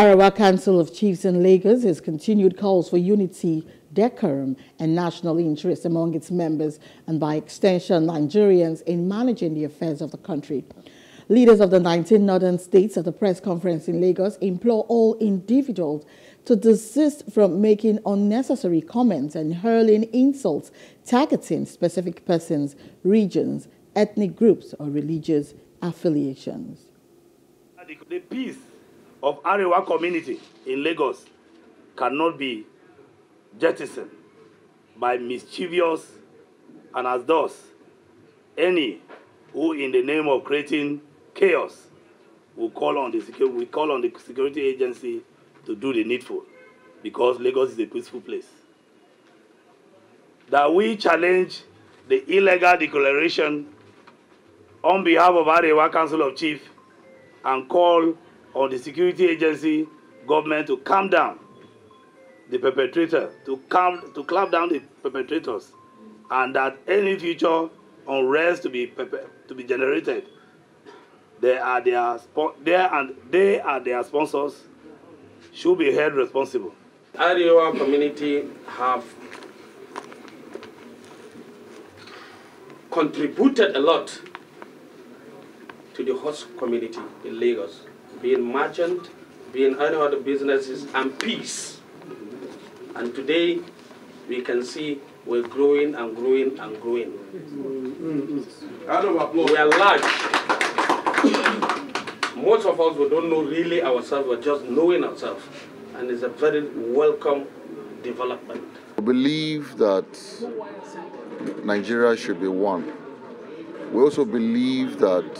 Arawa Council of Chiefs in Lagos has continued calls for unity, decorum, and national interest among its members and by extension Nigerians in managing the affairs of the country. Leaders of the 19 northern states at a press conference in Lagos implore all individuals to desist from making unnecessary comments and hurling insults targeting specific persons, regions, ethnic groups, or religious affiliations. The peace of Arewa community in Lagos cannot be jettisoned by mischievous and as thus any who in the name of creating chaos will call on the security we call on the security agency to do the needful because Lagos is a peaceful place. That we challenge the illegal declaration on behalf of Arewa Council of Chiefs and call on the security agency government to calm down the perpetrator, to, calm, to clamp down the perpetrators, and that any future unrest to be, to be generated, they are their, there and they are their sponsors, should be held responsible. Our community have contributed a lot to the host community in Lagos being merchant, being any other businesses, and peace. And today, we can see we're growing and growing and growing. Mm-hmm. We are large. Most of us, we don't know really ourselves, we're just knowing ourselves. And it's a very welcome development. I believe that Nigeria should be one. We also believe that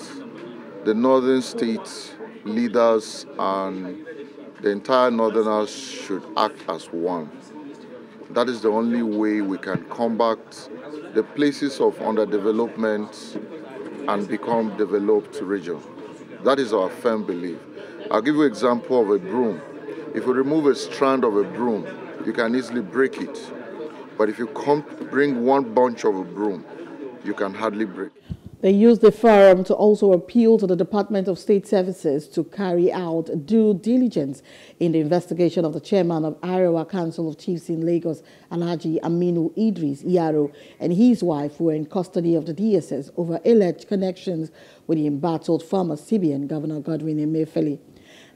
the northern states leaders and the entire Northerners should act as one. That is the only way we can combat the places of underdevelopment and become developed region. That is our firm belief. I'll give you an example of a broom. If you remove a strand of a broom, you can easily break it. But if you bring one bunch of a broom, you can hardly break they used the forum to also appeal to the Department of State Services to carry out due diligence in the investigation of the chairman of Iowa Council of Chiefs in Lagos, Alhaji Aminu Idris Yaro, and his wife who were in custody of the DSS over alleged connections with the embattled former CBN Governor Godwin Emefiele.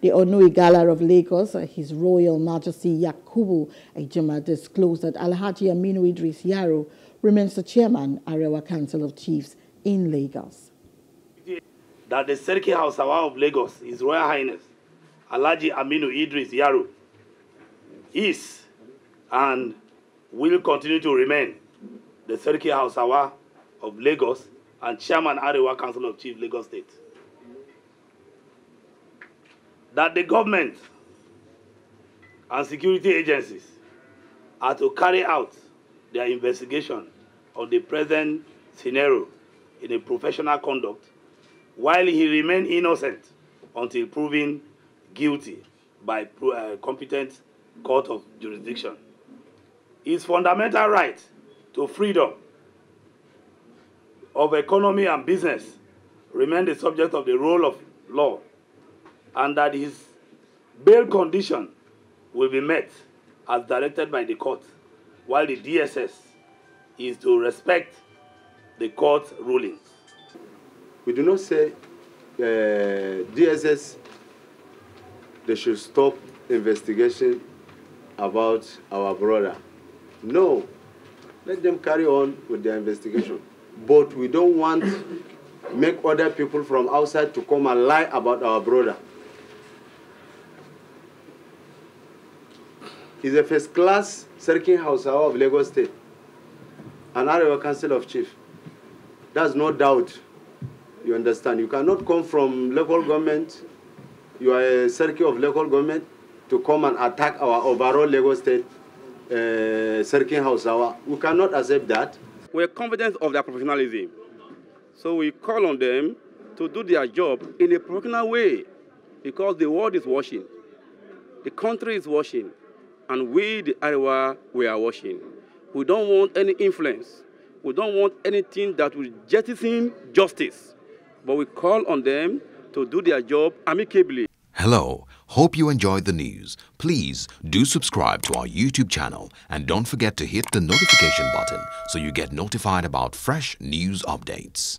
The Onui Gala of Lagos, His Royal Majesty Yakubu Ejima disclosed that Alhaji Aminu Idris Yaro remains the chairman, Arewa Council of Chiefs, in Lagos. That the Serki Hausawa of Lagos, His Royal Highness, Alaji Aminu Idris Yaro, is and will continue to remain the Serki Hausawa of Lagos and Chairman Arewa Council of Chief Lagos State. That the government and security agencies are to carry out their investigation of the present scenario in a professional conduct while he remained innocent until proven guilty by a uh, competent court of jurisdiction. His fundamental right to freedom of economy and business remain the subject of the rule of law and that his bail condition will be met as directed by the court while the DSS is to respect the court ruling. We do not say uh, DSS they should stop investigation about our brother. No, let them carry on with their investigation. But we don't want make other people from outside to come and lie about our brother. He's a first-class Serkin house of Lagos State, an area Council of Chief. That's no doubt. You understand? You cannot come from local government, you are a circuit of local government, to come and attack our overall Lagos state uh, circuit house. Our, we cannot accept that. We're confident of their professionalism. So we call on them to do their job in a professional way because the world is watching, the country is watching, and we, the Iowa, we are watching. We don't want any influence we don't want anything that will jettison justice, but we call on them to do their job amicably. Hello. Hope you enjoyed the news. Please do subscribe to our YouTube channel and don't forget to hit the notification button so you get notified about fresh news updates.